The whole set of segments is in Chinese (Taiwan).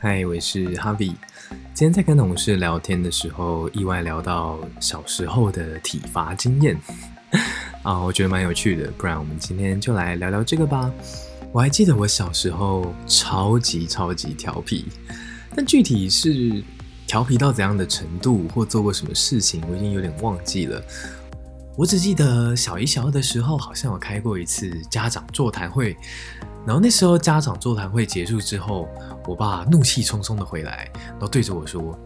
嗨，Hi, 我是 Harvie。今天在跟同事聊天的時候，意外聊到小時候的體罰經驗，啊，我覺得蠻有趣的。不然我們今天就來聊聊這個吧。我還記得我小時候超級超級調皮，但具體是調皮到怎樣的程度，或做過什麼事情，我已經有點忘記了。我只記得小一、小二的時候，好像有開過一次家長座談會。然後那時候家長座談會結束之後，我爸怒氣沖沖的回來，然後對着我說：“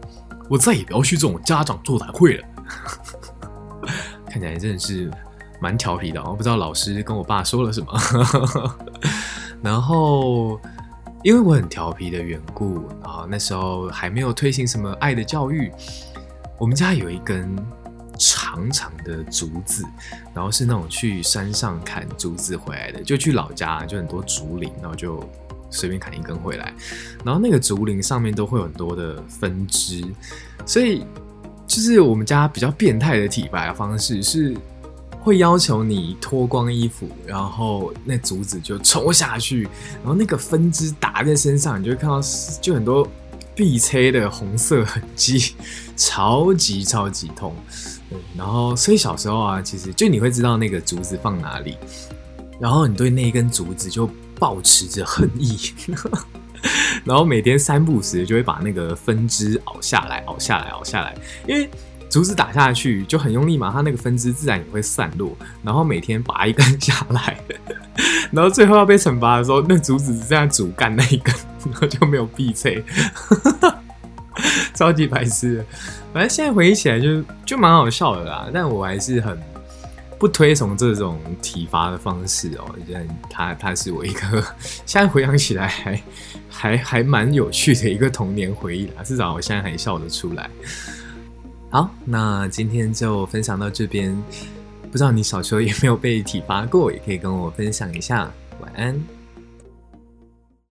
我再也不要去這種家長座談會了。 ”看起來真的是蠻調皮的，我不知道老師跟我爸說了什麼。 然後因為我很調皮的緣故，然後那時候還沒有推行什麼愛的教育，我們家有一根。長長的竹子，然後是那種去山上砍竹子回來的，就去老家就很多竹林，然後就隨便砍一根回來，然後那個竹林上面都會有很多的分支，所以就是我們家比較變態的體罰方式是會要求你脫光衣服，然後那竹子就抽下去，然後那個分支打在身上，你就會看到就很多碧黑的紅色痕跡，超級超級，超級痛。嗯、然後，所以小時候啊，其實就你會知道那個竹子放哪裡，然後你對那一根竹子就抱持着恨意，然後每天三不時就會把那個分支熬下來、熬下來、熬下來，因為竹子打下去就很用力嘛，它那個分支自然也會散落，然後每天拔一根下來，然後最後要被懲罰的時候，那竹子是這樣，主幹那一根，然後就沒有避諱。超級白痴，反正現在回憶起來就就蠻好笑的啦。但我還是很不推崇這種體罰的方式哦。因為他他是我一個現在回想起來還還還蠻有趣的一個童年回憶啦。至少我現在還笑得出來。好，那今天就分享到這邊。不知道你小時候有沒有被體罰過，也可以跟我分享一下。晚安。